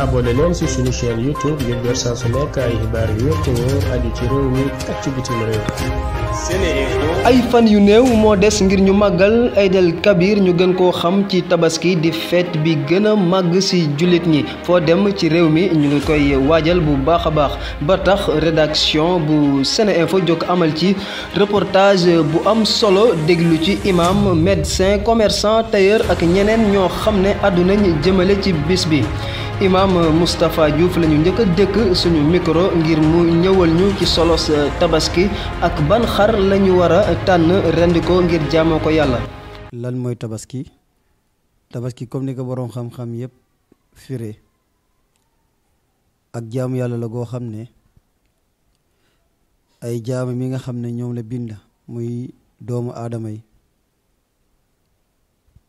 abonné leen ci suñu chaîne YouTube ngir jot su nekk ay xibaar yu wér te ci réew mi ak ay fan yu néew moo des ngir ñu màggal Aïd el Kabir ñu gën koo xam ci tabaski di fête bi gën a màgg ci jullit ñi foo dem ci réew mi ñu ngi koy waajal bu baax a baax ba tax rédaction bu Seneinfo jokk amal ci reportage bu am solo déglu ci imaam médecin commerçant tailleur ak ñeneen ñoo xam ne àdduna jëmale ci bis bi. imaam Moustapha Diouf lañu ñu njëkk dëkk suñu mikro ngir mu ñëwal ñu ci solos euh, tabaski ak ban xar la ñu war a tànn rendi ko ngir jaamoo ko yàlla. lan mooy tabaski tabaski comme ni ko boroom xam-xam yépp firé ak jaamu yàlla la goo xam ne ay jaamu mi nga xam ne ñoom la bind muy doomu aadama yi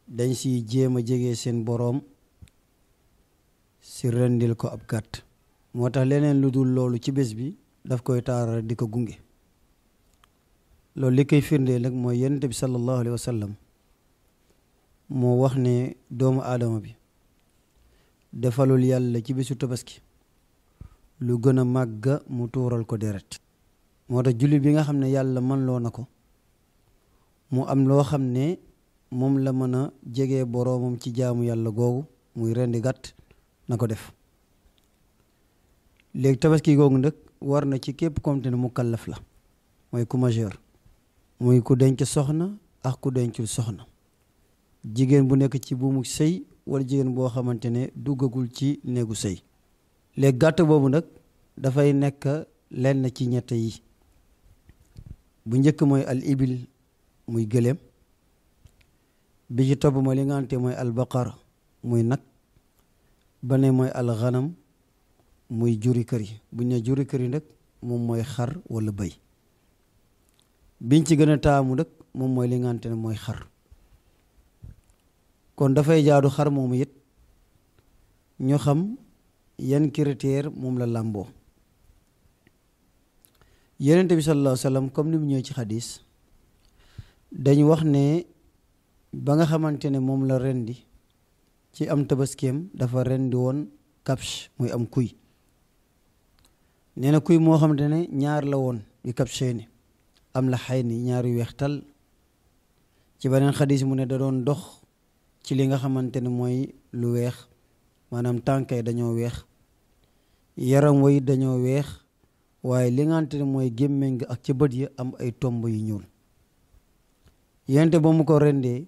dañ si jéem a jege seen boroom. si rendil ko ab gàtt moo tax leneen lu dul loolu ci bés bi daf koy taaral di ko gunge loolu li koy firndee nag mooy yonent bi sallallahu alayhi sallam moo wax ne doomu aadama bi defalul yàlla ci bésu tabaski lu gën a màgg mu tuural ko deret moo tax jullit bi nga xam ne yàlla mën loo na ko mu am loo xam ne moom la mën a jege boroomam ci jaamu yàlla googu muy rendi gàtt na ko def léegi tabaski kooku nag war na ci képp comme te mu kallaf la mooy ku majeur muy ku denc soxna ak ku dencul soxna jigéen bu nekk ci buumu sëy walla jigéen boo xamante ne duggagul ci néegu sëy léegi gàtt boobu nag dafay nekk lenn ci ñett yi bu njëkk mooy al ibil muy gëléem bi ci topp mooy li nga xamante mooy albaqar muy nag ba ne mooy alxanam muy juri kër yi bu ñu ne juri kër yi nag moom mooy xar walla bëy biñ ci gën a taamu nag moom mooy li nga ne mooy xar kon dafay jaadu xar moomu it ñu xam yan critère moom la làmboo yonent bi sallallahu alayhi comme ni mu ñëw ci xadiis dañu wax ne ba nga xamante ne moom la rendi ci am tabaskeem dafa rendi woon kapsh muy am kuy nee na kuy moo xamante ne ñaar la woon yu ni am la xay ni ñaar yu weextal ci beneen xadis mu ne da doon dox ci li nga xamante ne mooy lu weex maanaam tànkay dañoo weex yaram way dañoo weex waaye li nga xamante ne mooy gémmiñ ga ak ci bët yi am ay tomb yu ñuul yente ba mu ko rendee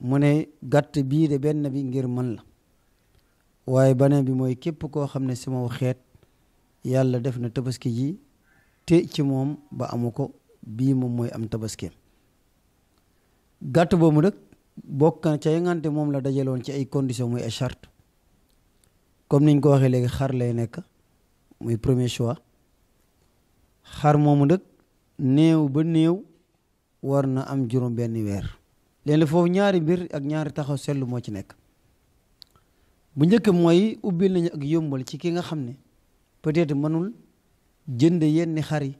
mu ne gàtt bii de benn bi ngir man la waaye beneen bi mooy képp koo xam ne sama xeet yàlla def na tabaski ji te ci moom ba amu ko bii moom mooy am tabaskeem gàtt boobu nag bokk na ca yangante moom la dajaloon ci ay condition muy ay charte comme niñ ko waxee léegi xar lay nekk muy premier choix xar moomu nag néew ba néew war na am juróom benn weer léeg-léeg foofu ñaari mbir ak ñaari taxaw seetlu moo ci nekk bu njëkk mooy ubbil nañu ak yombal ci ki nga xam ne peut-être mënul jënd yenn xari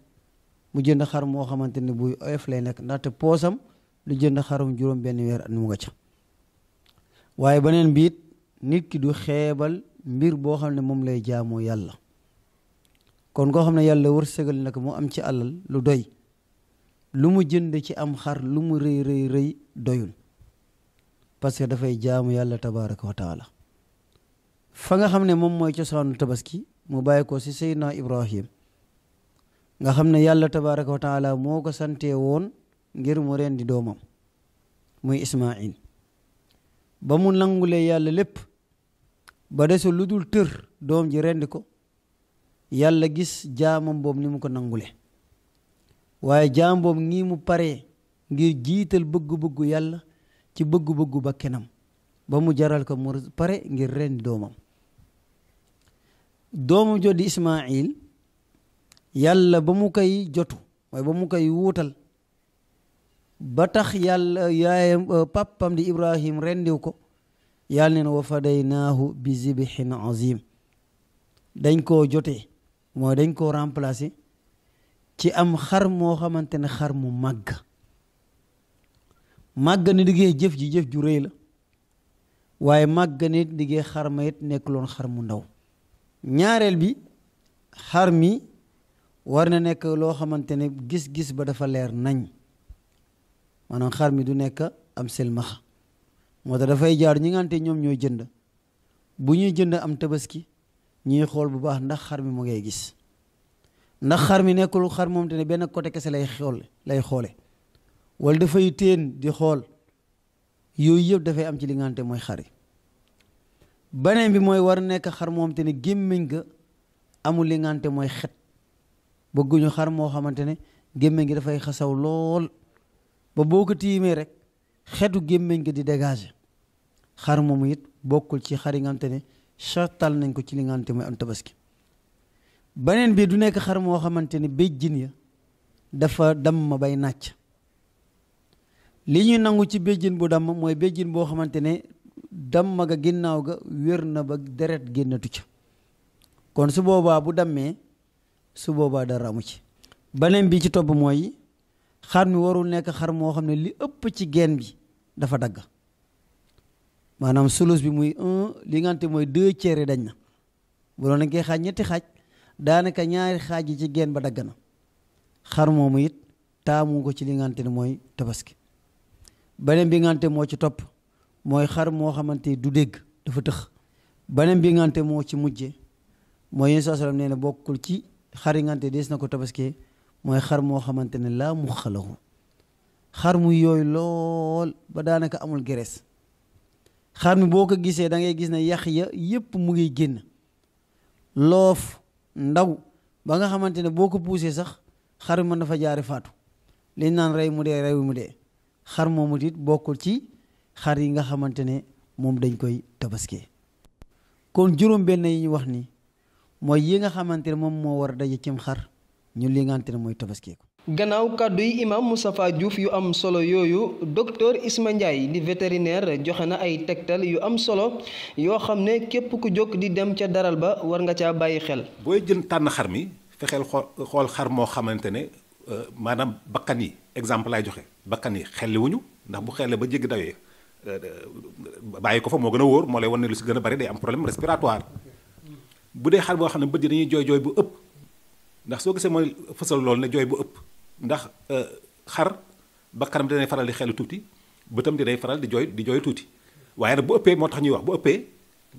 mu jënd xar moo xamante ne buy oyof lay nekk ndaxte poosam lu jënd xarum juróom benn weer at mu nga ca waaye beneen biit nit ki du xeebal mbir boo xam ne moom lay jaamoo yàlla kon koo xam ne yàlla wërsëgal nag mu am ci alal lu doy lu mu jënd ci am xar lu mu rëy rëy rëy doyul parce que dafay jaamu yàlla tabaraka wa taala fa nga xam ne moom mooy cosaanu tabaski mu bàyyi ko si Seydina Ibrahim nga xam ne yàlla tabaraka wa taala moo ko sante woon ngir mu rendi doomam muy Ismail ba mu nangulee yàlla lépp ba dese lu dul tër doom ji rendi ko yàlla gis jaamam boobu ni mu ko nangulee waaye jaam boobu ngi mu paree ngir jiital bëgg-bëggu yàlla ci bëgg-bëggu ba kenam ba mu jaral ko mu pare ngir rendi doomam doomam jot di Ismaayil yàlla ba mu koy jotu mooy ba mu koy wuutal ba tax yàlla yaayam euh, pàppam di Ibrahim rendiw ko yàlla neen wa fadaynaahu bi zibhin azim dañ koo jotee mooy dañ koo remplacer ci am xar moo xamante ne xar mu màgg màgg ne liggéey jëf ji jëf ju rëy la waaye màgg ne liggéey xar ma it nekk loon xar mu ndaw ñaareel bi xar mi war na nekk loo xamante ne gis-gis ba dafa leer nañ maanaam xar mi du nekk am silmaxa moo tax dafay jaar ñi ngante ñoom ñooy jënd bu ñuy jënd am tabaski ñuy xool bu baax ndax xar mi mu ngay gis ndax xar mi nekkul xar moom te ne benn côté kese lay xool lay xoole walla dafay téen di xool yooyu yëpp dafay am ci li mooy xar yi beneen bi mooy war nekk xar moom te ne gémmiñ ga amul li mooy xet bëgguñu xar moo xamante ne gémmiñ gi dafay xasaw lool ba boo ko tiimee rek xetu gémmiñ gi di dégager xar moom it bokkul ci xar yi nga xam te ne nañ ko ci li nga mooy am tabaski beneen bii du nekk xar moo xamante ni béjjin ya dafa damm bay nàcc li ñuy nangu ci béjjin bu damm mooy béjjin boo xamante ne damm ga ginnaaw ga wér na ba deret génnatu ca kon su boobaa bu dammee su boobaa dara amu ci beneen bi ci topp mooy xar mi warul nekk xar moo xam ne li ëpp ci geen bi dafa dagg maanaam sulus bi muy un li ngante mooy deux tiers dañ na bu doon dañ koy xaaj ñetti xaaj daanaka ñaari xaaj yi ci geen ba dagg na xar moomu it taamu ko ci li ngante ne mooy tabaski beneen bi ngante moo ci topp mooy xar moo xamante du dégg dafa tëx beneen bi ngante moo ci mujje mooy Yonent saa sallam na bokkul ci xar yi ngante dees na ko tabaskee mooy xar moo xamante ne laa mu xalahu xar mu yooyu lool ba daanaka amul gerees xar mi boo ko gisee da ngay gis ne yax ya yépp mu ngi génn loof ndaw ba nga xamante ne boo ko poussé sax xar mën na fa jaare faatu liñ naan rey mu dee rey mu dee xar moomu it bokkul ci xar yi nga xamante ne moom dañ koy tabaskee kon juróom benn yi ñu wax ni mooy yi nga xamante ne moom moo war a daje cim xar ñu li ngante ne mooy tabaskeeku gannaaw kàdduy imam Moustapha Diouf yu am solo yooyu docteur Isma Ndiaye di vétérinaire joxe na ay tegtal yu am solo yoo xam ne képp ku jóg di dem ca daral ba war nga caa bàyyi xel. booy jën tànn xar mi fexeel xool xar moo xamante ne euh, maanaam bakkan yi exemple laay joxe bakkan yi xelli wuñu ndax bu xelle ba jéggi dawee euh, euh, bàyyi ko fa moo gën a wóor moo lay wan ne lu si gën a bari day am problème respiratoire bu dee xar boo xam ne bët yi dañuy jooy jooy bu ëpp ndax soo gisee mooy loolu ne jooy bu ëpp. ndax euh, xar bakkanam dina faral di xelu tuuti bëtam dinay faral di jooy di jooy tuuti waaye nag bu ëppee moo tax ñuy wax bu ëppee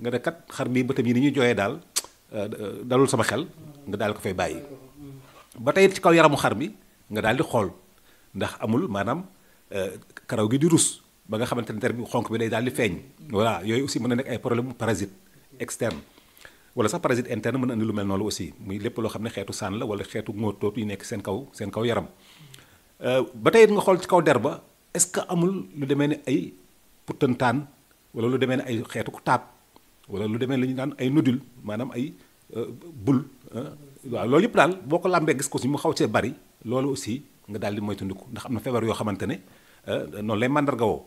nga ne xar mii bëtam yi ni ñuy jooyee daal euh, dalul sama xel nga daal ko fay bàyyi ba tey ci kaw yaramu xar bi nga daal di xool ndax amul maanaam euh, karaw gi di rus ba nga xamante ne der bi xonq bi day daal di feeñ voilà yooyu aussi mën na nekk ay problème parasite externe wala sax parasite interne mën a indi lu mel noonu aussi muy lépp loo xam ne xeetu sànn la wala xeetu ngóotóot yu nekk seen kaw seen kaw yaram euh, ba tey nga xool ci kaw der ba est-ce que amul lu demee ne ay puttantaan wala lu demee ne ay xeetu taab wala lu demee ne li ñu naan ay nodule maanaam ay euh, bul waaw loolu yëpp daal boo ko làmbee gis ko si mu xaw see bari loolu aussi nga daal di moytandiku ndax am na feebar yoo xamante ne euh, noonu lay màndarga woo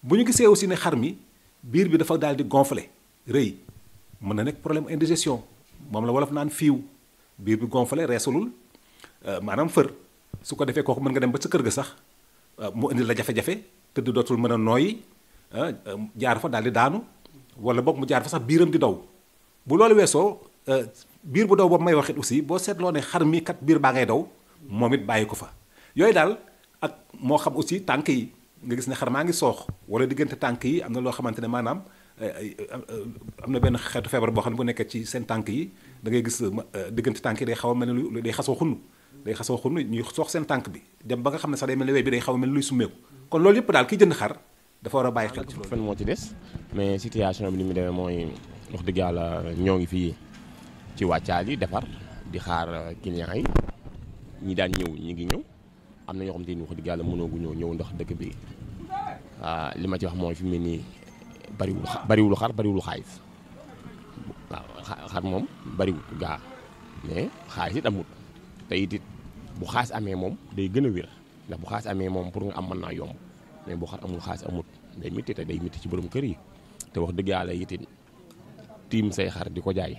bu ñu gisee aussi ne xar mi biir bi dafa daal di gonflé rëy mën na nekk problème indigestion moom la wolof naan fiiw biir bi gonflé reesulul euh, maanaam fër su ko defee kooku mën nga dem ba sa kër ga sax euh, mu indi la jafe-jafe tëdd dootul mën a nooyi euh, jaar fa daal di daanu wala boog mu jaar fa sax biiram di daw bu loolu weesoo biir bu daw boobu may waxit aussi boo seetloo ne xar mii kat biir baa ngay daw moom it bàyyi ko fa yooyu daal ak moo xam aussi tànk yi nga gis ne xar maa ngi soox wala diggante tànk yi am na loo xamante ne maanaam am na benn xeetu feebar boo xam ne bu nekkee ci seen tànk yi dangay gis euh, euh, diggante tànk yi day xaw a mel ni day xasoo xunn day xasoo xunn ñuy soox seen tànk bi dem ba nga xam ne sax day mel ni wey bi day xaw a mel ni luy summeeku kon loolu yëpp daal ki jënd xar dafa war a bàyyi xel ci loolu fan moo ci des mais situation bi ni mu demee mooy wax dëgg yàlla ñoo ngi fii ci wàccaal yi defar di xaar euh, clients yi ñi daan ñëw ñi ngi ñëw am na ñoo xam te ni wax dëgg yàlla mënoogu ñëw ñëw ndax dëkk bi ah, li ma ci wax mooy mu ne nii bariwul bariwul xar bariwul xaalis waaw xar moom bariwul gaa mais xaalis it amul te it it bu xaas amee moom day gën a wér ndax bu xaas amee moom pour nga am man naa yomb mais bu xar amul xaas amut day métti te day métti ci boroom kër yi te wax dëgg yàlla it tiim say xar di ko jaay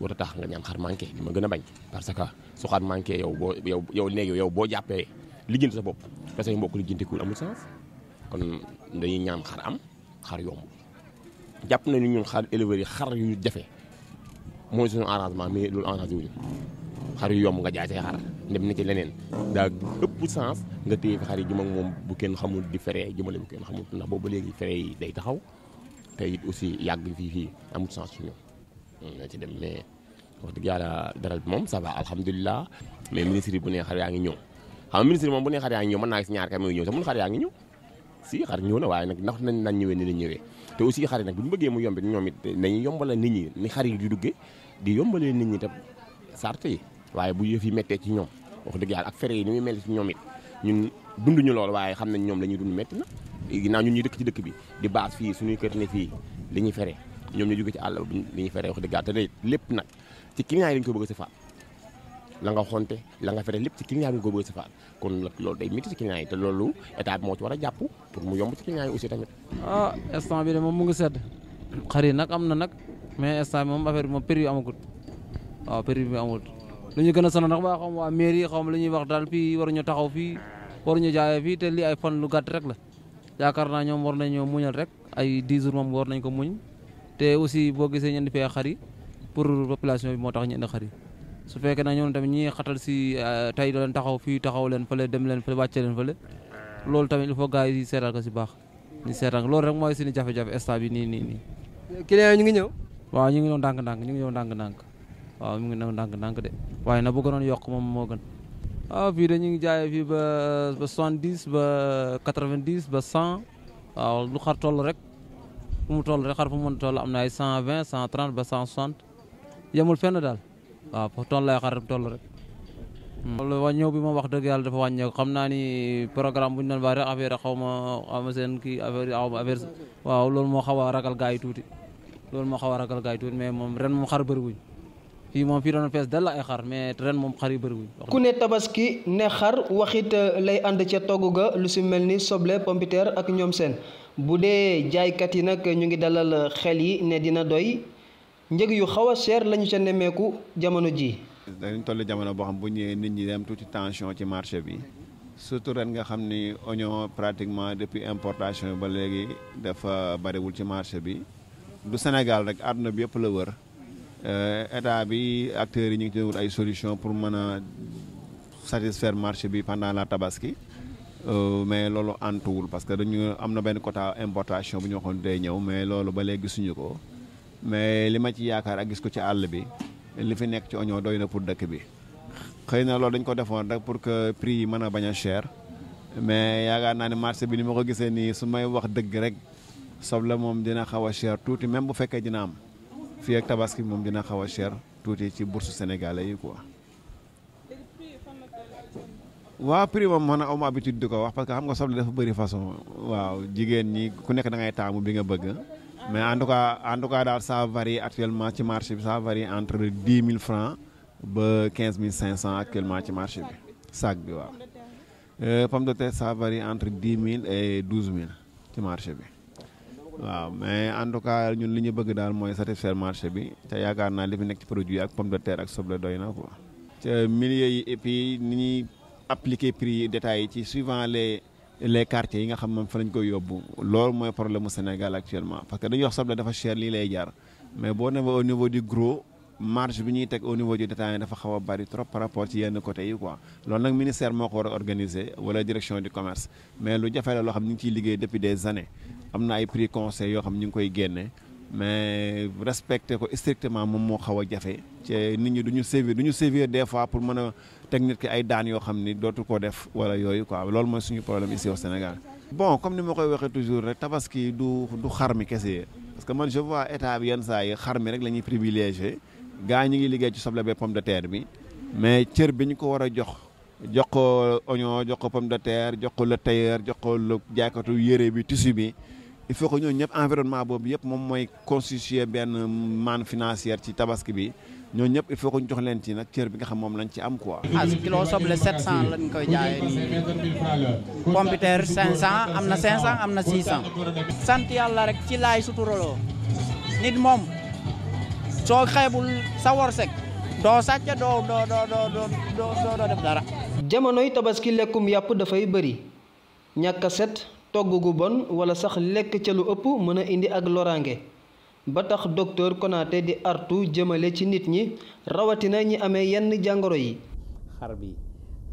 war a tax nga ñaan xar manqué di ma gën a bañ parce que su xar manqué yow boo yow yow néeg yow boo jàppee lijjanti sa bopp te say mbokk lijjantikul amul sens kon dañuy ñaan xar am xar yomb jàpp na ni ñun xar éleveurs yi xar yu jafe mooy suñu arrangement mais loolu arrangé wuñu xar yu yomb nga jaay say xar dem na ci leneen daa ëpp sens nga téye fi xar yi jëm moom bu kenn xamul di fere jëmale bu kenn xamul ndax ba léegi fere yi day taxaw te it aussi yàgg fii fii amul sens ci ñun ñoo ci dem mais wax dëgg yàlla daral bi moom ça va alhamdulilah mais ministre yi bu nee xar yaa ngi ñëw xam nga ministre yi moom bu nee xar yaa ngi ñëw si xar ñëw na waaye nag ndax nañ nañ ñëwee ni la ñëwee te aussi xar yi nag bu ñu bëggee mu yombe ñoom it nañu yombala nit ni xar yi di duggee di yombalee nit ñi tam sarte yi waaye bu yëf yi méttee ci ñoom wax dëgg yàlla ak fere yi ni muy mel ci ñoom it ñun dunduñu lool waaye xam nañ ñoom la ñuy dund métti na ginnaaw ñun ñuy dëkk ci dëkk bi di baas fii suñuy kër ne fii li ñuy fere ñoom ñu jóge ci àll bi li ñuy fere wax dëgg yàlla te lépp nag ci client yi dañ ko bëgg si faat la nga xonte la nga fere lépp ci client bi nga bëgg sa kon loolu day métti ci client te loolu état bi moo ci war a jàpp pour mu yomb ci client aussi ah, bi de moom mu ngi sedd xar yi nag am na nag mais instant moom affaire moom prix bi amagut waaw prix bi amagut lu a sonal nag ba xam waa mairie ñuy wax daal fii waruñu taxaw fii waruñu jaayee fii te lii ay fan lu gàtt rek la yaakaar naa ñoom war nañoo muñal rek ay 10 jours moom war nañ ko muñ te aussi boo gisee ñu indi fee xar yi pour population bi moo tax ñu indi xar su fekkee na ñoom tamit ñi xatal si euh, tey doo leen taxaw fii taxaw leen fële dem leen fële wàcce leen fële loolu tamit il faut gars yi seetal ko si baax ñu seetal ko loolu rek mooy suñu jafe-jafe instant bi nii nii nii. client ñu ngi ñëw. waaw ñu ngi ñëw ndànk-ndànk ñu ngi ñëw ndànk-ndànk waaw mu ngi ñëw ndànk-ndànk de waaye na bu gënoon yokk moom moo gën waaw fii de ñu ngi jaayee fii ba ba soixante-dix ba quatre-vingt-dix ba cent waaw lu xar toll rek fu mu toll rek xar fu mu mën toll am na ay cent vingt cent trente ba cent soixante yemul fenn daal. waaw foofu toll lay xar toll rek. Hmm. loolu wàññeeku bi ma wax dëgg yàlla dafa wàññeeku xam naa ni programme bu ñu doon baax rek affaire xaw ma xaw ma seen kii affaire xaw ma affaire waaw loolu moo xaw a ragal gars yi tuuti loolu moo xaw a ragal gars tuuti mais moom ren moom xar bëriwuñ fii moom fii doon fees dal la xar mais ren moom xar yi bëriwuñ ku ne tabaski ne xar waxit euh, lay ànd ca togg ga lu si mel ni soble pompiteer ak ñoom seen bu dee jaaykat yi nag ñu ngi dalal euh, xel yi ne dina doy njëg yu xaw a cher lañu ca nemmeeku jamono ji dañu toll jamono boo xam bu ñëwee nit ñi dem tuuti tension ci marché bi surtout ren nga xam ni oignon pratiquement depuis importation ba léegi dafa bariwul ci marché bi du Sénégal rek àdduna bi yëpp la wër euh, état bi acteurs yi ñu ngi ci ay solution pour mën a satisfaire marché bi pendant la tabaski euh, mais loolu antuwul parce que dañu am na benn quota importation bu ñu waxoon day ñëw mais loolu ba léegi gisuñu ko mais li ma ci yaakaar ak gis ko ci àll bi li fi nekk ci oignon doy na pour dëkk bi xëy na loolu dañ ko defoon rek pour que prix yi mën a bañ a chair mais yaakaar naa ne marché bi ni ma ko gisee nii su may wax dëgg rek soble moom dina xaw a cher tuuti même bu fekkee dina am fii ak tabaski moom dina xaw a cher tuuti ci bourse sénégalais yi quoi. waaw prix moom a am habitude di ko wax parce que xam nga soble dafa bëri façon. waaw jigéen ñi ku nekk dangay ngay bi nga bëgg. mais en tout cas en tout cas daal ça varie actuellement ci marché bi ça vari entre dix mille francs ba quinze cinq cent actuellement ci marché bi sac bi waaw. Euh, pomme de terre ça vari entre dix mille et douze mille ci marché bi waaw mais en tout cas ñun li ñu bëgg daal mooy satisfaire marché bi te yaakaar naa li fi nekk ci produit ak pomme de terre ak soble doy na quoi. te milieu yi et puis ni ñuy appliquer prix yi détails yi ci suivant les. les quartiers yi nga xam moom fa lañ koy yóbbu loolu mooy problème mu Sénégal actuellement parce que dañuy wax soble dafa cher lii lay jaar mais boo demee au niveau du gros marge bi ñuy teg au niveau du détail dafa xaw a bari trop par rapport ci yenn côté yi quoi loolu nag ministère moo ko war a organiser wala direction du commerce mais lu jafe la loo xam ñu ngi ciy liggéey depuis des années am na ay prix conseil yoo xam ñu ngi koy génne. mais respecté ko strictement moom moo xaw a jafe ci nit ñi du ñu sévir du ñu sévir des fois pour mën a teg nit ki ay daan yoo xam ni dootu ko def wala yooyu quoi loolu mooy suñu problème ici au Sénégal. bon comme ni ma koy waxee toujours rek tabaski du du xar mi kese parce que man je vois état bi yenn saa yi xar mi rek la ñuy privilégié gaa ñi ngi liggéey ci soble ba pomme de terre bi mais cër bi ñu ko war a jox. jox ko oignon jox ko pomme de terre jox ko le tailleur jox ko le jaaykatu yére bi tissu bi. il faut que ñooñu ñëpp environnement boobu yëpp moom mooy constituer benn manne financière ci tabaski bi ñoo ñëpp il faut ñu jox leen ci nag cër bi nga xam moom lañ ci am ko ah kilo soble 700 lañ koy jaayee nii pompiteer 500 am na 500 am na 600. sant yàlla rek ci laay suturaloo nit moom soo xeebul sa worsek doo sàcc doo doo doo doo doo doo def dara. jamonoy tabaski lekkum yàpp dafay bëri ñàkk set. togg gu bon wala sax lekk ca lu ëpp mën a indi ak loraange ba tax docteur Konaté di artu jëmale ci nit ñi rawatina ñi amee yenn jàngoro yi. xar bi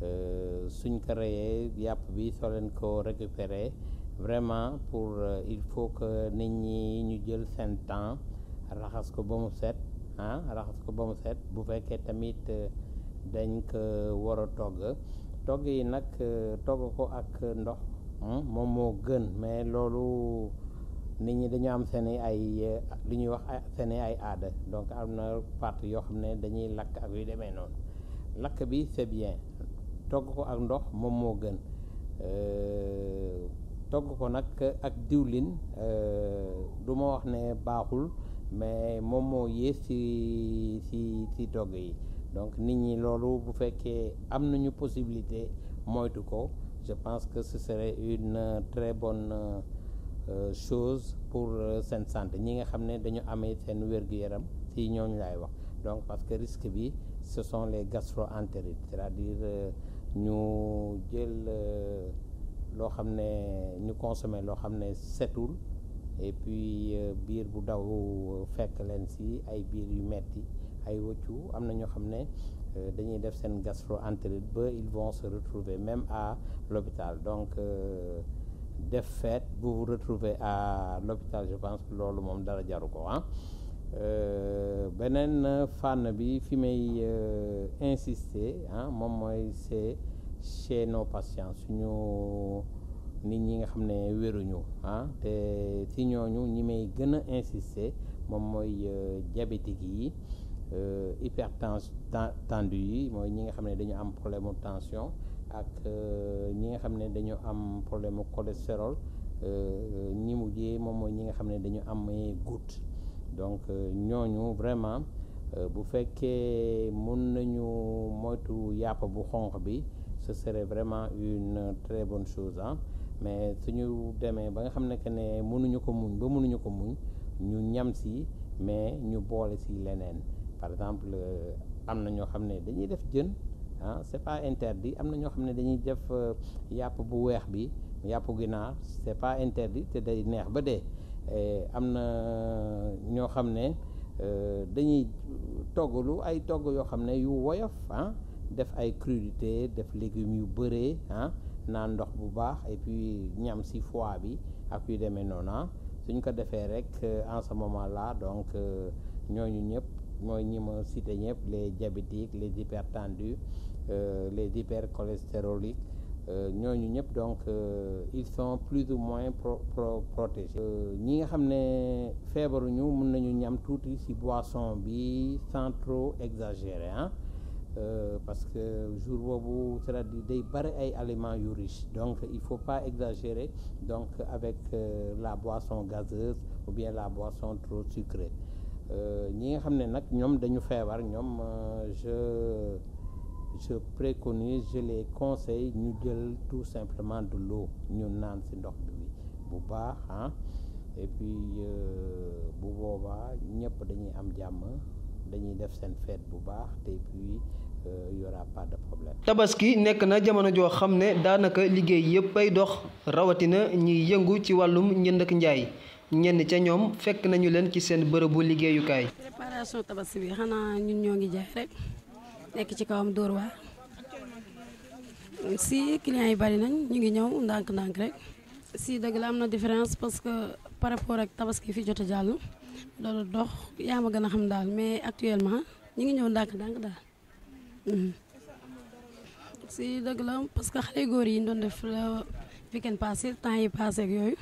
euh, suñ ko reyee yàpp bi soo leen ko récupérer vraiment pour euh, il faut que nit ñi ñu jël seen temps raxas ko ba mu set ah raxas ko ba mu set bu fekkee tamit euh, dañ ko war a togg togg yi nag togg ko ak ndox. Hmm? moom moo gën mais loolu nit ñi dañu am seen ay lu ñuy wax seen ay aada donc am na partie yoo xam ne dañuy lakk ak yu demee noonu lakk bi c'est bien togg ko ak ndox moom moo gën euh, togg ko nag ak diwlin euh, du ma wax ne baaxul mais moom moo yées ci ci ci togg yi donc nit ñi loolu bu fekkee am nañu possibilité moytu ko Je pense que ce serait une euh, très bonne euh, euh, chose pour seen santé ñi nga xam ne dañu amee seen wér-gu-yaram si ñooñ laay wax donc parce que risque bi ce sont les gastro-entérites c'est-à-dire ñu jël loo xam ne ñu consommer loo xam ne setul et puis biir bu daw fekk leen si ay biir yu metti ay wëccu am na ñoo xam ne Euh, dañuy def seen gastro-entérite ba ils vont se retrouver même à l'hôpital donc euh, def fête bu retrouver à l'hôpital je pense que loolu moom dara jaru ko ah beneen fànn bi fi may insister ah moom mooy c'est chez nos patients suñu nit ñi nga xam ne wéruñu ah te ci ñooñu ñi may gën a insister moom mooy diabétique yi Euh, hypertension tendu yi mooy ñi nga xam ne dañu am problème mu tension ak euh, ñi nga xam ne dañu am problème mu cholestérol euh, ñi mujjee moom mooy ñi nga xam ne dañu amee goutte donc ñooñu vraiment bu fekkee mën nañu moytu yàpp bu xonq bi ce serait vraiment une très bonne chose en mais suñu demee ba nga xam ne que ne mënuñu ko muñ ba mënuñu ko muñ ñu ñam si mais ñu boole si leneen par exemple euh, am na ñoo xam ne dañuy def jën ah c'est pas interdit am na ñoo xam ne dañuy def euh, yàpp bu weex bi yàpp ginaar c'est pas interdit te day neex ba dee eh, am na ñoo xam ne euh, dañuy toggalu ay togg yoo xam ne yu woyof ah def ay crudité def légumes yu bëree ah naan ndox bu baax et puis ñam si fois bi ak yu demee noonu ah. suñ ko defee rek en ce moment là donc ñooñu ñëpp mooy ñi ma cité ñëpp les diabétiques les hypertendus euh, les hypercholestéroliques euh, ñooñu ñëpp donc euh, ils sont plus ou moins pro, pro protégés euh, ñi nga xam ne feebaruñu mun nañu ñam tuuti ci boisson bi sans trop exagérer ah Euh, parce que jour boobu c'est-à-dire day bari ay aliments yu riche donc il faut pas exagérer donc avec euh, la boisson gazeuse ou bien la boisson trop sucrée Euh, ñi nga xam ne nag ñoom dañu feebar ñoom euh, je je préconise je les conseille ñu jël tout simplement de l'eau ñu naan ci ndox bi bu baax ah et puis euh, bu boobaa ñëpp dañuy am jàmm dañuy def seen fête bu baax te puis il y pas de problème. tabaski nekk na jamono joo xam ne daanaka liggéey yëpp ay dox rawatina ñiy yëngu ci wàllum njënd ak njaay. ñenn ca ñoom fekk nañu leen ci seen bërëbu liggéeyukaay. préparation tabaski bi xanaa ñun ñoo ngi jaay rek nekk ci kawam Dóor waar si clients yi bari nañ ñu ngi ñëw ndànk-ndànk si dëgg am na différence parce que par rapport ak tabaski fi jot a jàll loolu dox yaa ma gën a xam daal mais actuellement ñu ngi ñëw ndànk-ndànk daal. Hmm. si dëgg la parce que xale góor yi ñu doon def weekend passé temps yi passé ak yooyu.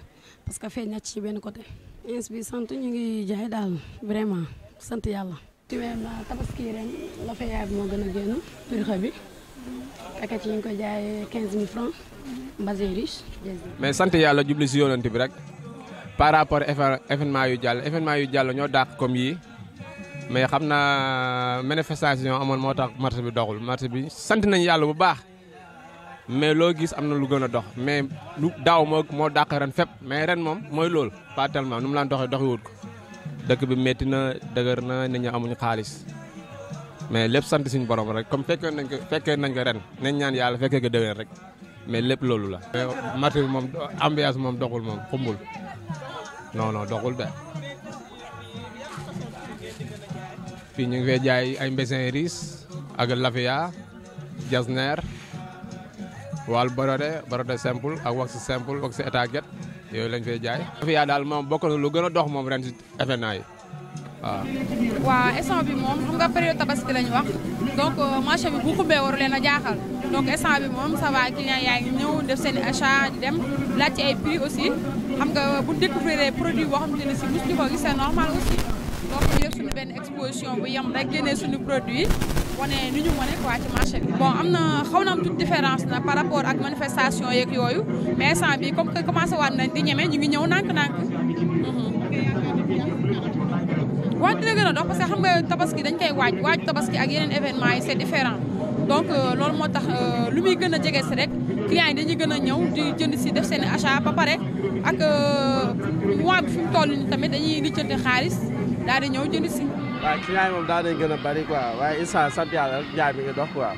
parce que feeñ na ci benn côté. ins bi sant ñu ngi jaay daal vraiment sant yàlla. ci même tabaski ren la yaay bi moo gën a génn purxa bi paquet yi ñu ngi koy jaayee 15000 francs basé riche. mais sant yàlla jubli si yoonante bi rek par rapport événement yu jàll événement yu jàll ñoo dàq comme yi mais xam naa manifestation amoon moo tax marché bi doxul marché bi sant nañu yàlla bu baax. mais loo gis am na lu gën a dox mais lu daaw moo moo dàq ren fépp mais ren moom mooy loolu pas nu mu laan doxee doxi wut ko dëkk bi métti na dëgër na nit ñi amuñu xaalis mais lépp sant suñu borom rek comme fekkee nañ ko fekkee nañ ko ren nañ ñaan yàlla fekkee ko déwén rek mais lépp loolu la. mais marché bi moom ambiance moom doxul moom xumbul non doxul de fii ñu ngi fee jaay ay mbessin riis ak lafiya jasner wàllu brodé brodé simple ak wax simple wax état get yooyu lañ fay jaay. Safia daal moom bokk na lu gën a dox moom ren ci événement waaw. waaw bi moom xam nga période tabaski lañ wax donc euh, marché bi bu xumbee waru a jaaxal donc instant bi moom ça va client yaa ngi def seen i dem laaj ci ay prix aussi xam nga bu découvrir produit boo xamante ne si mosuñu ko gis c'est normal aussi donc ñu suñu benn exposition bu yem rek génnee suñu produit. wane ni ñu wane quoi ci marché bi. am na xaw na am toute différence na par rapport ak manifestation yeeg yooyu mais instant bi comme que commencé waat na di ñeme ñu ngi ñëw nank nànk mhm. waaw dina gën a dox parce xam nga tabaski dañ koy waaj waaj tabaski ak yeneen événement yi c'est différent donc euh, loolu moo tax euh, lu muy gën a jege si rek clients yi dañuy gën a ñëw di jënd si def seen achat ba pare ak euh, mois bi fi mu toll nii tamit dañuy lijjanti xaalis daal di ñëw jënd si. waaye client yi moom daa nañ gën a bari quoi waaye instant sant yàlla rek jaay mi ngi dox quoi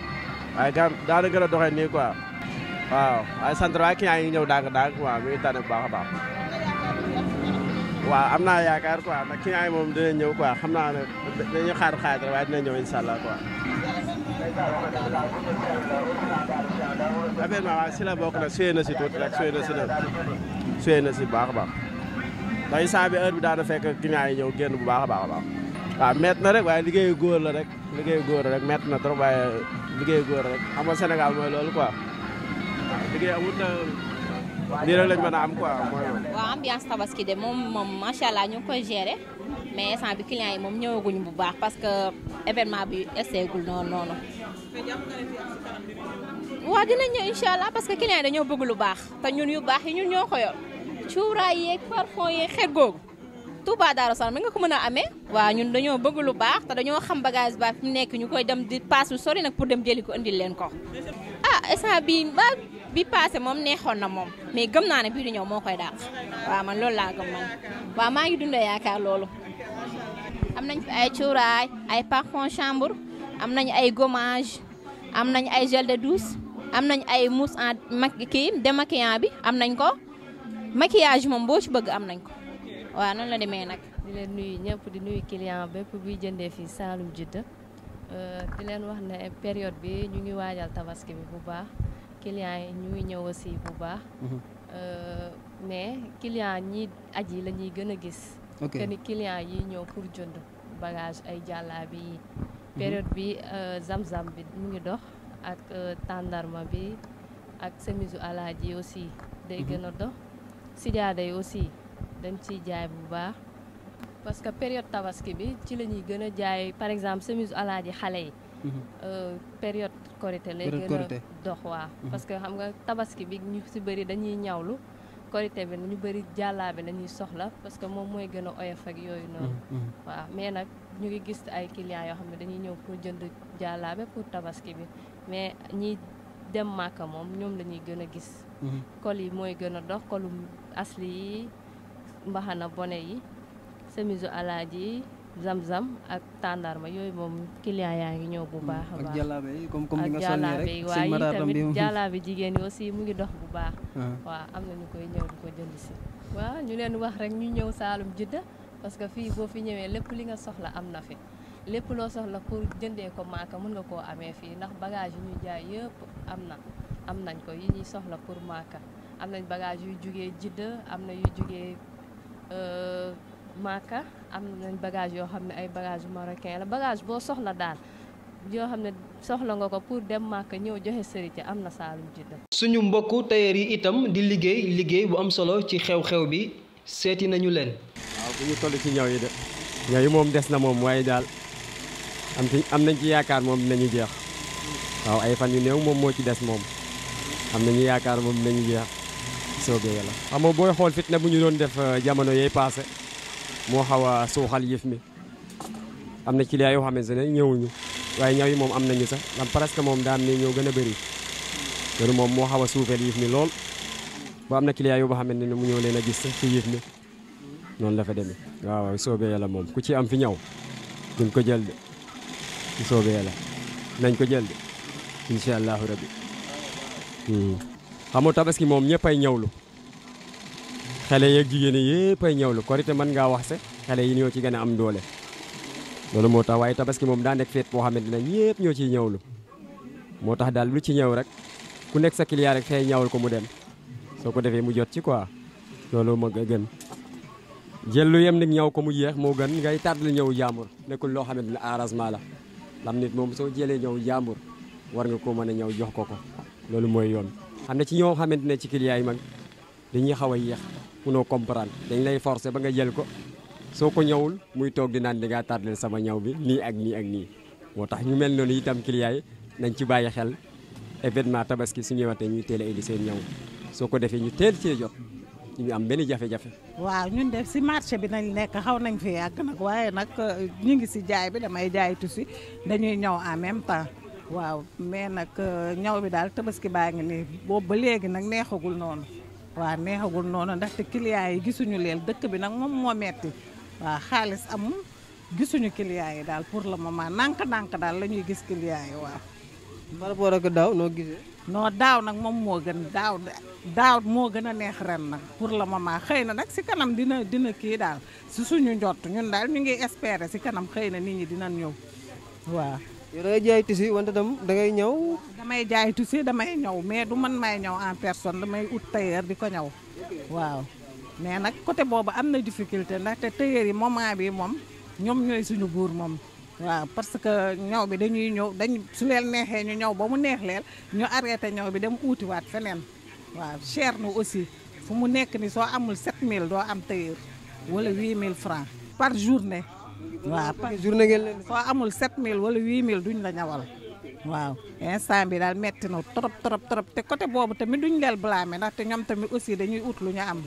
waaye gaa daa gën a doxee nii quoi waaw waaye sant waaye client yi ngi ñëw daang daang waaw mi ngi tane bu baax a baax waaw am naa yaakaar quoi ndax client yi moom dinañ ñëw quoi xam naa ne dañuy xaar xaaj rek waaye dinañ ñëw incha allah quoi affaire bi waaw si la bokk nag na si tuuti rek suyee na si nag suyee na si bu baax a baax ndax bi heure bi daana fekk client yi ñëw génn bu baax baax a baax waaw métti na rek waaye liggéeyu góor la rek liggéeyu góor la rek na trop waaye liggéeyu góor la rek xam nga Sénégal mooy loolu quoi liggéey amul nii mën a am quoi mooy. waaw ambiance tabaski de moom moom macha allah ñu ngi koy gérer mais instant bi client yi moom ñëwaguñu bu baax parce que événement bi esseegul noonu noonu. waaw dinañ ñëw incha allah parce que client yi dañoo bëgg lu baax te ñun yu baax yi ñun ñoo ko yor cuuraay yeeg parfum yeeg xet Touba Darou Salaam mi nga ko mën a amee waaw ñun dañoo bëgg lu baax te dañoo xam bagage ba fi mu nekk ñu koy dem di paas lu sori nag pour dem jëli ko indil leen ko ah instant bi ba bi passé moom neexoon na moom mais gëm naa ne bii di ñëw moo koy daal waaw man loolu laa gëm man waaw maa ngi dundee yaakaar loolu am nañ fi ay cuuraay ay parfum chambre am nañ ay gommage am nañ ay gel de douche am nañ ay mousse en maki kii démaquillant bi am nañ ko maquillage moom boo ci bëgg am nañ ko waa noonu la demee nag. di leen nuyu ñëpp di nuyu client bépp buy jëndee fii Saloum Jidda euh, di leen wax ne période bi ñu ngi waajal tabaski bi bu baax client yi ñu ngi ñëw aussi bu baax. Mhm. Euh, mais client ñi aj yi la ñuy gën a gis. que client yi ñëw pour jënd bagage ay jàllaabi yi. période bi euh, zam-zam bi mu ngi dox ak tàndarma bi ak semisu alaaji yi aussi. day mhm. gën a dox sijaada yi aussi. dañ ciy jaay bu baax parce que période tabaski bi ci la ñuy gën a jaay par exemple chemise alaaji xale yi. Mhm. Euh, période korité lay gën dox waa mhm. parce que xam nga tabaski bi ñu si bëri dañuy ñawlu korité bi ñu bëri jàllaabe la ñuy soxla parce que moom mooy gën a ak yooyu mhm, noonu. waaw mais nag ñu ngi gis ay clients yoo xam ne dañuy ñëw pour jënd jàllaabe pour tabaski bi mais ñi dem màkka moom ñoom la ñuy gën a gis. col yi mooy gën dox colu asli yi. mbaxana bone yi semisu alaaji ji zam-zam ak tàndarma yooyu moom client yaa ngi ñëw bu mm, baax a baax ak jàllaabe yi comme comme ni nga soññee rek waaye yi jigéen yi mu ngi dox bu baax ah. waaw am na ñu koy ñëw di si waaw ñu leen wax rek ñu ñëw Saalum Jidda parce que fii boo fi ñëwee lépp li nga soxla am na fi lépp loo soxla pour jëndee ko maaka mun nga koo amee fii ndax bagage yu ñuy jaay yëpp am na am nañ ko yi ñuy soxla pour maaka am nañ bagage yu jugee Jidda am na yu jugee Euh, Màkka am nañ bagage yoo xam ne ay bagage marocain la bagage boo soxla daal yoo xam ne soxla nga ko pour dem Màkka ñëw joxe sëri am na saalum jidda suñu mbokku tailleur yi itam di liggéey liggéey bu am solo ci xew-xew bi seeti nañu leen waaw bu ñu toll ci ñaw yi de ñaw yi moom des na moom waaye daal am ci am nañ ci yaakaar moom nañu jeex waaw ay fan yu néew moom moo ci des moom am nañu yaakaar moom nañu jeex soobee yàlla xam nga booy xool fit na bu ñu doon def euh, jamono yee paase moo xaw a suuxal yëf mi am na client yoo xamante ne ñëwuñu waaye ñaw yi moom am nañu sax am presque moom daan ne ñëw gën a bëri loolu moom moo xaw a suufeel yëf mi lool ba am na client yoo xamante ne mu ñëw leen a gis sax ci yëf mi noonu la fa demee waaw soobee yàlla moom ku ci am fi ñaw duñ ko jël de soobee yàlla nañ ko jël de incha allahu rabbi hmm. xam nga tabaski moom ñëppay ñëwlu xale yeeg jigéen yëppay ñëwlu korite mën ngaa wax se xale yi ñoo ci gën a am doole loolu moo tax waaye tabaski moom daa nekk feet poo xamante ne ñëpp ñoo ciy ñëwlu moo tax daal lu ci ñëw rek ku nekk sa client rek fay ñawul ko mu dem soo ko defee mu jot ci quoi loolu moo gën jël lu yem nag ñaw ko mu jeex moo gën ngay tardal ñëw jàmbur nekkul loo xamante ne arrangement la lam nit moom soo jëlee ñëw jàmbur war nga ko mën a ñëw jox ko ko loolu mooy yoon xam ne ci ñoo xamante ne ci client yi mag dañuy xaw a yéex munoo comprendre dañ lay forcer ba nga jël ko soo ko ñëwul muy toog di naan di ngaa tardel sama ñaw bi nii ak nii ak nii moo tax ñu mel noonu itam client yi nañ ci bàyyi xel événement tabaski su ñëwatee ñuy teel a indi seen ñaw soo ko defee ñu teel cee jot ñu am benn jafe-jafe. waaw ñun def si marché bi nañ nekk xaw nañ fi yàgg nag waaye nag euh, ñu ngi si jaay bi damay jaay tusi dañuy ñëw en même temps. waaw mais nag euh, ñaw bi daal tabaski baa ngi nii boobu ba léegi nag neexagul noonu waaw neexagul noonu ndaxte clients yi gisuñu leen dëkk bi nag moom moo metti waaw xaalis am gisuñu clients yi daal pour le moment nànk-nànk daal la ñuy gis clients yi waaw. par rapport ak daaw noo gisee. noo daaw nag moom moo gën daaw daaw moo gën a neex ren nag pour le moment xëy na nag si kanam dina dina kii daal si suñu njott ñun daal ñu ngi espérer si kanam xëy na nit ñi dinañ ñëw yow da ngay jaay tissu wante tam da ngay ñëw. damay jaay tissu damay ñëw mais du man may ñaw en personne damay ut tailleur di ko ñaw waaw mais nag côté boobu am na difficulté ndaxte tailleur yi moment bii moom ñoom ñooy suñu buur moom. waaw parce que ñaw bi dañuy ñëw dañ su leen neexee ñu ñëw ba mu neex leen ñu arrêté ñaw bi dem uutiwaat feneen waaw cher na aussi fu mu nekk ni soo amul 7000 doo am tailleur wala 8000 francs par journée. waaw parce que journée ngeen leen soo amul 7000 wala 8000 duñ la ñawal waaw instant bi daal metti na trop trop trop te côté boobu tamit duñ leen blâmer ndaxte ñoom tamit aussi dañuy ut lu ñu am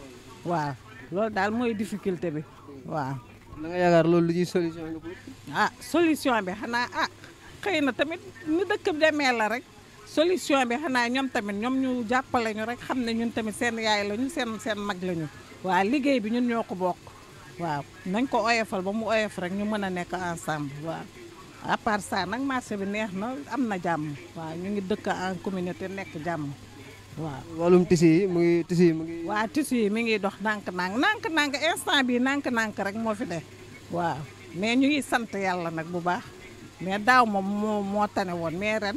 waaw loolu daal mooy difficulté bi waaw. na loolu lu ñuy solution la ko. Ah, solution bi xanaa ah xëy na tamit ni dëkk bi demee la rek solution bi xanaa ñoom tamit ñoom ñu jàppale ñu rek xam ne ñun tamit seen yaay lañu seen seen mag lañu. waaw liggéey bi ñun ñoo ko bokk. waaw nañ ko oyofal ba mu oyof rek ñu mën a nekk ensemble waa à part nag marché bi neex na am na jàmm waaw ñu ngi dëkk en communauté nekk jàmm waaw wàllum tissu yi mu ngi tissu yi mu ngi. waaw mi ngi dox ndànk-ndànk nànk ndànk instant bii ndànk-ndànk rek moo fi de waa mais ñu ngi sant yàlla nag bu baax mais daaw moom moo moo tane woon mais ren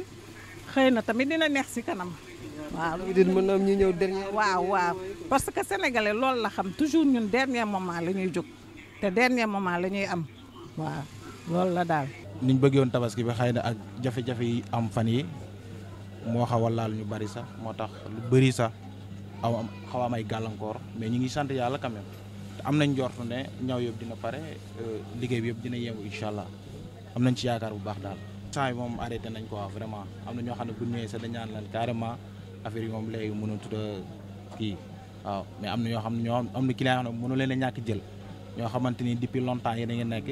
xëy na tamit dina neex si kanam. waaw dit mën na ñu ñëw dernier waaw waaw parce que sénégalais loolu la xam toujours ñun dernier moment la ñuy jóg te dernier moment la ñuy am waaw loolu la daal niñ bëggoon tabaski bi xay na ak jafe-jafe yi am fan yi moo xaw a laal ñu bari sax moo tax lu bëri sax aw am xaw am ay gàllankoor mais ñu ngi sant yàlla quand même te am nañ njortu ne ñaw yëpp dina pare euh, liggéey bi yëpp dina yeewu incha allah am nañ ci yaakaar bu baax daal. temps moom arrêté nañ quoi vraiment am na ñoo xam ne bu ñëwee sax dañ naan leen carrément affaire yi moom léegi mënatut a kii waaw mais am na ñoo xam ne ñoo am na client xam ne mënu leen a ñàkk jël ñoo xamante ni depuis longtemps yi a ngi nekk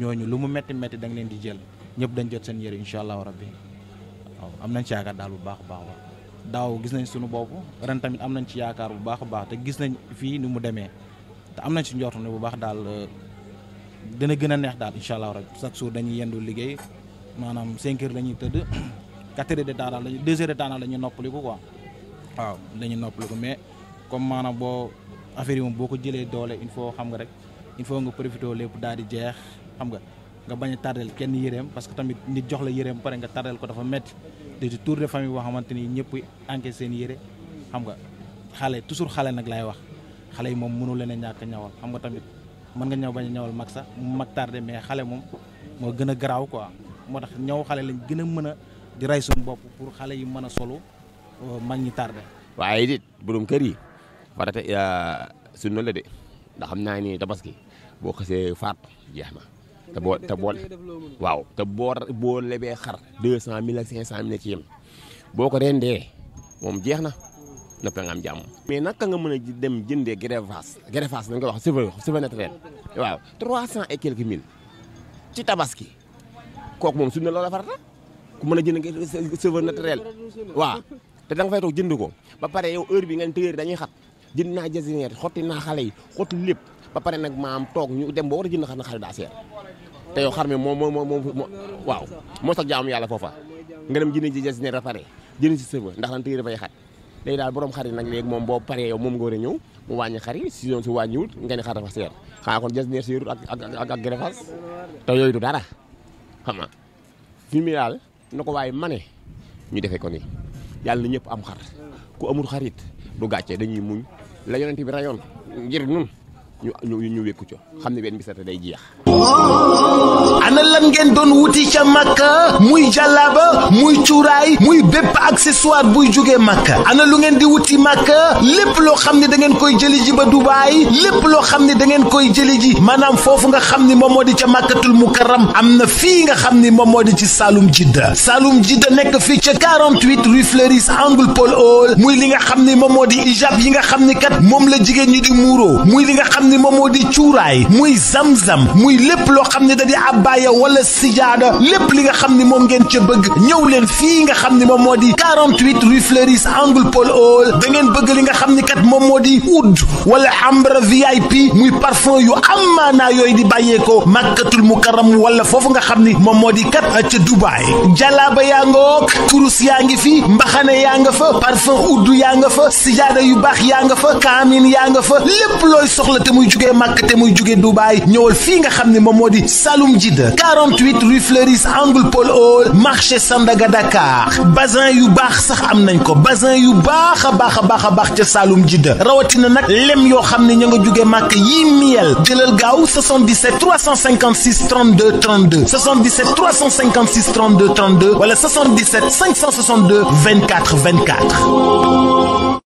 ñooñu lu mu metti métti da nga leen di jël ñëpp dañ jot seen yëre incha allahu rabbi waaw am nañ ci yaakaar daal bu baax a baax waaw daaw gis nañ suñu boobu ren tamit am nañ ci yaakaar bu baax a baax te gis nañ fii ni mu demee te am nañ ci njortu ne bu baax daal euh, dana gën a neex daal incha allahu rabbi chaque jour dañuy yendu liggéey maanaam 5 la ñuy tëdd quatre heures de temps daal lañu deux heures noppaliku quoi waaw la noppaliku mais comme maanaam boo affaire yi moom boo ko jëlee doole il faut xam nga rek il faut nga profité lépp daal di jeex xam nga nga bañ a tardel kenn yëreem parce que tamit nit jox la yëreem pare nga tardel ko dafa métti te ci tour de famille boo xamante ni ñëpp encaissé seen yëre xam nga xale toujours xale nag laay wax xale yi moom mënul leen a ñàkk ñawal xam nga tamit man nga ñaw bañ a ñawal mag sax mu mag tardé mais xale moom moo gën a garaaw quoi di rey suñu pour xale yi mën a solo euh, mag ñi tardé. waaye it borom kër yi farata euh, sunna la de ndax xam naa ni tabaski boo xasee faat jeex na. te boo te boo waaw te boo boo lebee xar deux cent mille ak cinq cent mille ci yem boo ko rendee moom jeex na naka nga am jàmm. mais naka nga mën a dem jëndee greffage greffage dañ koy wax cheveux cheveux naturel waaw trois cent ci tabaski kooku moom suñu la farata. ku mën a jënd cheveux naturel waaw te da nga fay toog jënd ko ba pare yow heure bi ngeen tëyeer dañuy xat jënd naa jasineer xotti naa xale yi xotti lépp ba pare nag maam toog ñu dem ba war a jënd xar na xale daa seer te yow xar mi moom moom moom waaw moo sax jaamu yàlla foofa nga dem jënd ji jasineer ba pare jënd si cheveux ndax lan tëyeer dafay xat léegi daal borom xar yi nag léegi moom boo pare yow moom nga war a ñëw mu wàññi xar yi si yoon si wàññiwut nga ne xar dafa seer xanaa kon jasineer seerut ak ak ak greffas te yooyu du dara xam nga daal na ko waaye mane ñu defee ko nii yàlla na ñëpp am xar ku amul xarit du gàccee dañuy muñ la yonent bi rayoon ngir nun ñu ñu ñu wékku ca xam ne benn bisata day jeex. ana lan ngeen doon wuti ca makka muy jàllaaba muy cuuraay muy bépp accessoire buy jógee makka ana lu ngeen di wuti makka lépp loo xam ne da ngeen koy jëli ji ba Dubaay lépp loo xam ne da ngeen koy jëli ji maanaam foofu nga xam ne moom moo di ca màkkatul mukarram am na fii nga xam ne moom moo di ci Saloum Jidda Saloum Jidda nekk fii ca 48 rue Fleuris angle Paul Hall muy li nga xam ne moom moo di ijab yi nga xam ni kat moom la jigéen ñi di muuro muy ni moom moo di cuuraay muy zam-zam muy lépp loo xam ne da di abbaaya wala sijaada lépp li nga xam ni moom ngeen ca bëgg ñëw leen fii nga xam ni moom moo di 48 rue Fleuris angle Paul Hall da ngeen bëgg li nga xam ni kat moom moo di oud wala ambre VIP muy parfum yu amaanaa yooyu di bàyyeekoo màkkatul mukaram wala foofu nga xam ni moom moo di kat ca Dubaay jalaaba yaa nga wook kurus yaa ngi fi mbaxane yaa nga fa parfum oud yaa nga fa sijaada yu baax yaa nga muy jugee Màkk te muy jugee Dubaay ñëwal fii nga xam ne moom moo di Saloum Jidda 48 rue Fleuris angle Paul Hall marché Sandaga Dakar bazin yu baax sax am nañ ko basin yu baax a baax a baax a baax ca Saloum Jidda rawatina nag lem yoo xam ne ña nga jugee Màkk yi miel jëlal gaaw 77 356 32 32 77 356 32 32 wala 77 562 24 24.